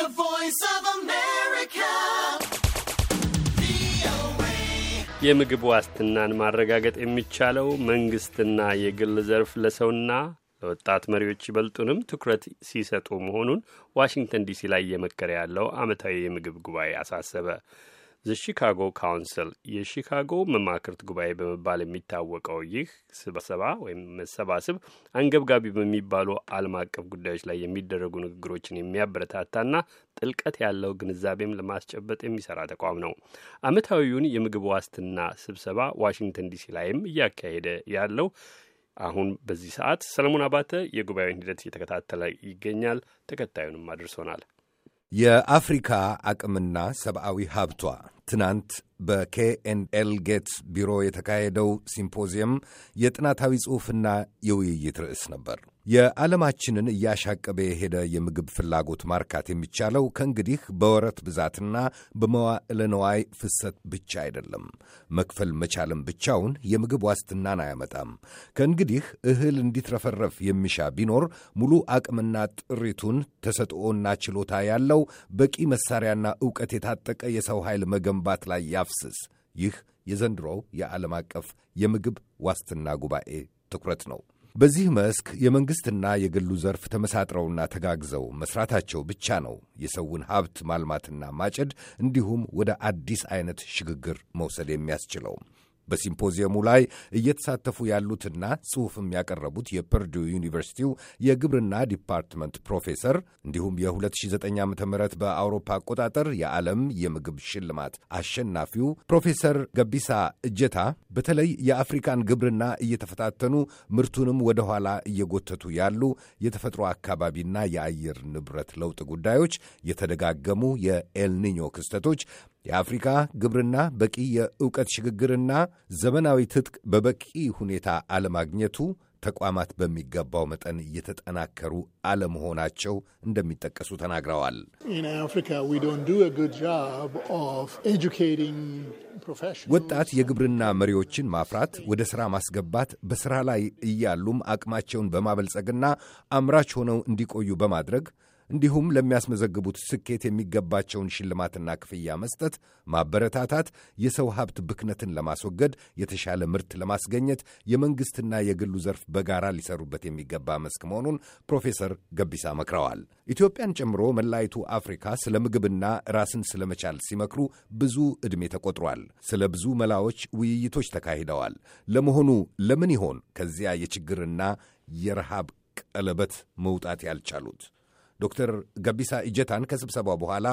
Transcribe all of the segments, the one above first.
The Voice of America. የምግብ ዋስትናን ማረጋገጥ የሚቻለው መንግስትና የግል ዘርፍ ለሰውና ለወጣት መሪዎች ይበልጡንም ትኩረት ሲሰጡ መሆኑን ዋሽንግተን ዲሲ ላይ እየመከረ ያለው ዓመታዊ የምግብ ጉባኤ አሳሰበ። ዘሺካጎ ካውንስል የሺካጎ መማክርት ጉባኤ በመባል የሚታወቀው ይህ ስብሰባ ወይም መሰባስብ አንገብጋቢ በሚባሉ ዓለም አቀፍ ጉዳዮች ላይ የሚደረጉ ንግግሮችን የሚያበረታታና ጥልቀት ያለው ግንዛቤም ለማስጨበጥ የሚሰራ ተቋም ነው። ዓመታዊውን የምግብ ዋስትና ስብሰባ ዋሽንግተን ዲሲ ላይም እያካሄደ ያለው አሁን በዚህ ሰዓት ሰለሞን አባተ የጉባኤውን ሂደት እየተከታተለ ይገኛል። ተከታዩንም አድርሶናል። የአፍሪካ አቅምና ሰብአዊ ሀብቷ ትናንት በኬኤንኤል ጌትስ ቢሮ የተካሄደው ሲምፖዚየም የጥናታዊ ጽሑፍና የውይይት ርዕስ ነበር። የዓለማችንን እያሻቀበ የሄደ የምግብ ፍላጎት ማርካት የሚቻለው ከእንግዲህ በወረት ብዛትና በመዋዕለ ነዋይ ፍሰት ብቻ አይደለም። መክፈል መቻልም ብቻውን የምግብ ዋስትናን አያመጣም። ከእንግዲህ እህል እንዲትረፈረፍ የሚሻ ቢኖር ሙሉ አቅምና ጥሪቱን ተሰጥኦና ችሎታ ያለው በቂ መሳሪያና ዕውቀት የታጠቀ የሰው ኃይል መገንባት ላይ ያፍስስ። ይህ የዘንድሮው የዓለም አቀፍ የምግብ ዋስትና ጉባኤ ትኩረት ነው። በዚህ መስክ የመንግሥትና የግሉ ዘርፍ ተመሳጥረውና ተጋግዘው መስራታቸው ብቻ ነው የሰውን ሀብት ማልማትና ማጨድ እንዲሁም ወደ አዲስ አይነት ሽግግር መውሰድ የሚያስችለው። በሲምፖዚየሙ ላይ እየተሳተፉ ያሉትና ጽሑፍም ያቀረቡት የፐርዱ ዩኒቨርሲቲው የግብርና ዲፓርትመንት ፕሮፌሰር እንዲሁም የ2009 ዓ ም በአውሮፓ አቆጣጠር የዓለም የምግብ ሽልማት አሸናፊው ፕሮፌሰር ገቢሳ እጀታ በተለይ የአፍሪካን ግብርና እየተፈታተኑ ምርቱንም ወደ ኋላ እየጎተቱ ያሉ የተፈጥሮ አካባቢና የአየር ንብረት ለውጥ ጉዳዮች፣ የተደጋገሙ የኤልኒኞ ክስተቶች የአፍሪካ ግብርና በቂ የእውቀት ሽግግርና ዘመናዊ ትጥቅ በበቂ ሁኔታ አለማግኘቱ ተቋማት በሚገባው መጠን እየተጠናከሩ አለመሆናቸው እንደሚጠቀሱ ተናግረዋል። ወጣት የግብርና መሪዎችን ማፍራት፣ ወደ ሥራ ማስገባት፣ በሥራ ላይ እያሉም አቅማቸውን በማበልጸግና አምራች ሆነው እንዲቆዩ በማድረግ እንዲሁም ለሚያስመዘግቡት ስኬት የሚገባቸውን ሽልማትና ክፍያ መስጠት፣ ማበረታታት፣ የሰው ሀብት ብክነትን ለማስወገድ፣ የተሻለ ምርት ለማስገኘት የመንግሥትና የግሉ ዘርፍ በጋራ ሊሰሩበት የሚገባ መስክ መሆኑን ፕሮፌሰር ገቢሳ መክረዋል። ኢትዮጵያን ጨምሮ መላይቱ አፍሪካ ስለ ምግብና ራስን ስለመቻል ሲመክሩ ብዙ ዕድሜ ተቆጥሯል። ስለ ብዙ መላዎች ውይይቶች ተካሂደዋል። ለመሆኑ ለምን ይሆን ከዚያ የችግርና የረሃብ ቀለበት መውጣት ያልቻሉት? ዶክተር ገቢሳ እጀታን ከስብሰባው በኋላ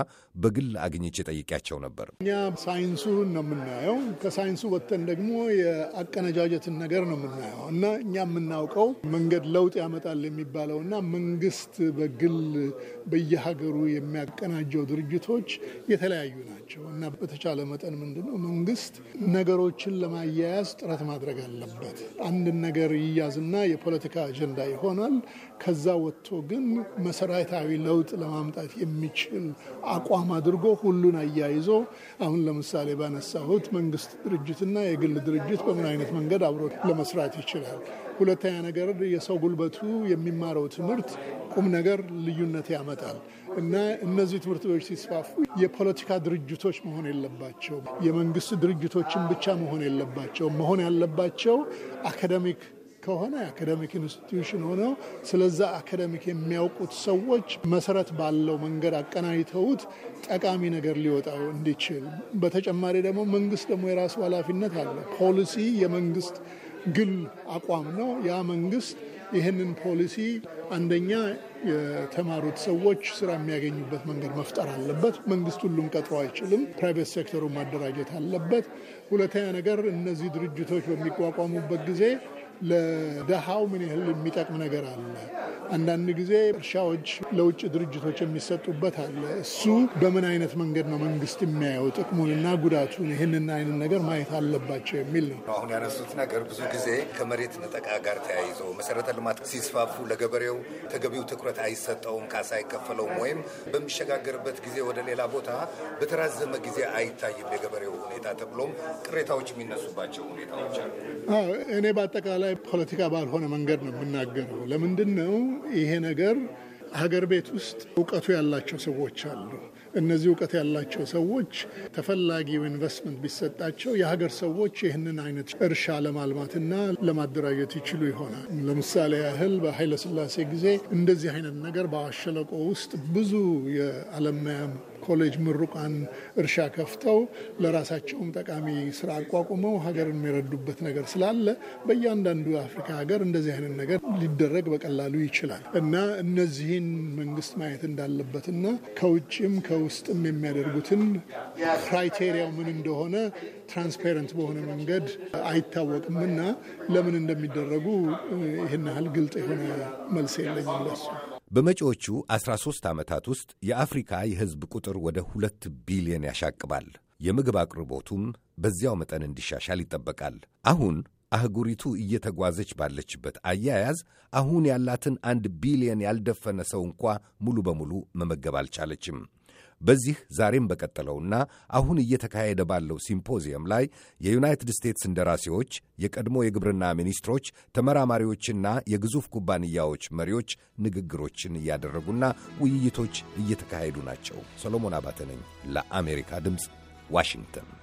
በግል አግኝቼ ጠይቄያቸው ነበር። እኛ ሳይንሱን ነው የምናየው። ከሳይንሱ ወጥተን ደግሞ የአቀነጃጀትን ነገር ነው የምናየው እና እኛ የምናውቀው መንገድ ለውጥ ያመጣል የሚባለው እና መንግስት በግል በየሀገሩ የሚያቀናጀው ድርጅቶች የተለያዩ ናቸው እና በተቻለ መጠን ምንድነው መንግስት ነገሮችን ለማያያዝ ጥረት ማድረግ አለበት። አንድን ነገር ይያዝና የፖለቲካ አጀንዳ ይሆናል። ከዛ ወጥቶ ግን መሰራ መሰረታዊ ለውጥ ለማምጣት የሚችል አቋም አድርጎ ሁሉን አያይዞ አሁን ለምሳሌ ባነሳሁት መንግስት ድርጅትና የግል ድርጅት በምን አይነት መንገድ አብሮ ለመስራት ይችላል። ሁለተኛ ነገር የሰው ጉልበቱ የሚማረው ትምህርት ቁም ነገር ልዩነት ያመጣል እና እነዚህ ትምህርት ቤቶች ሲስፋፉ የፖለቲካ ድርጅቶች መሆን የለባቸውም፣ የመንግስት ድርጅቶችን ብቻ መሆን የለባቸውም። መሆን ያለባቸው አካደሚክ ከሆነ አካደሚክ ኢንስቲትዩሽን ሆነው ስለዛ አካደሚክ የሚያውቁት ሰዎች መሰረት ባለው መንገድ አቀናጅተውት ጠቃሚ ነገር ሊወጣው እንዲችል፣ በተጨማሪ ደግሞ መንግስት ደግሞ የራሱ ኃላፊነት አለ። ፖሊሲ የመንግስት ግል አቋም ነው። ያ መንግስት ይህንን ፖሊሲ አንደኛ የተማሩት ሰዎች ስራ የሚያገኙበት መንገድ መፍጠር አለበት። መንግስት ሁሉም ቀጥሮ አይችልም። ፕራይቬት ሴክተሩ ማደራጀት አለበት። ሁለተኛ ነገር እነዚህ ድርጅቶች በሚቋቋሙበት ጊዜ ለደሃው ምን ያህል የሚጠቅም ነገር አለ። አንዳንድ ጊዜ እርሻዎች ለውጭ ድርጅቶች የሚሰጡበት አለ። እሱ በምን አይነት መንገድ ነው መንግስት የሚያየው ጥቅሙንና ጉዳቱን ይህንን አይነት ነገር ማየት አለባቸው የሚል ነው። አሁን ያነሱት ነገር ብዙ ጊዜ ከመሬት ነጠቃ ጋር ተያይዞ መሰረተ ልማት ሲስፋፉ ለገበሬው ተገቢው ትኩረት አይሰጠውም፣ ካሳ አይከፈለውም፣ ወይም በሚሸጋገርበት ጊዜ ወደ ሌላ ቦታ በተራዘመ ጊዜ አይታይም የገበሬው ሁኔታ ተብሎም ቅሬታዎች የሚነሱባቸው ሁኔታዎች አሉ። እኔ በአጠቃላይ ፖለቲካ ባልሆነ መንገድ ነው የምናገረው። ለምንድን ነው ይሄ ነገር ሀገር ቤት ውስጥ እውቀቱ ያላቸው ሰዎች አሉ። እነዚህ እውቀት ያላቸው ሰዎች ተፈላጊው ኢንቨስትመንት ቢሰጣቸው የሀገር ሰዎች ይህንን አይነት እርሻ ለማልማትና ለማደራጀት ይችሉ ይሆናል። ለምሳሌ ያህል በኃይለስላሴ ጊዜ እንደዚህ አይነት ነገር በአሸለቆ ውስጥ ብዙ የዓለም ኮሌጅ ምሩቃን እርሻ ከፍተው ለራሳቸውም ጠቃሚ ስራ አቋቁመው ሀገርን የሚረዱበት ነገር ስላለ በእያንዳንዱ የአፍሪካ ሀገር እንደዚህ አይነት ነገር ሊደረግ በቀላሉ ይችላል እና እነዚህን መንግስት ማየት እንዳለበትና ከውጭም ከውስጥም የሚያደርጉትን ክራይቴሪያው ምን እንደሆነ ትራንስፓረንት በሆነ መንገድ አይታወቅም እና ለምን እንደሚደረጉ ይህን ያህል ግልጽ የሆነ መልስ የለኝም ለሱ። በመጪዎቹ 13 ዓመታት ውስጥ የአፍሪካ የሕዝብ ቁጥር ወደ ሁለት ቢሊዮን ያሻቅባል። የምግብ አቅርቦቱም በዚያው መጠን እንዲሻሻል ይጠበቃል። አሁን አህጉሪቱ እየተጓዘች ባለችበት አያያዝ አሁን ያላትን አንድ ቢሊየን ያልደፈነ ሰው እንኳ ሙሉ በሙሉ መመገብ አልቻለችም። በዚህ ዛሬም በቀጠለውና አሁን እየተካሄደ ባለው ሲምፖዚየም ላይ የዩናይትድ ስቴትስ እንደራሴዎች፣ የቀድሞ የግብርና ሚኒስትሮች፣ ተመራማሪዎችና የግዙፍ ኩባንያዎች መሪዎች ንግግሮችን እያደረጉና ውይይቶች እየተካሄዱ ናቸው። ሰሎሞን አባተ ነኝ ለአሜሪካ ድምፅ ዋሽንግተን።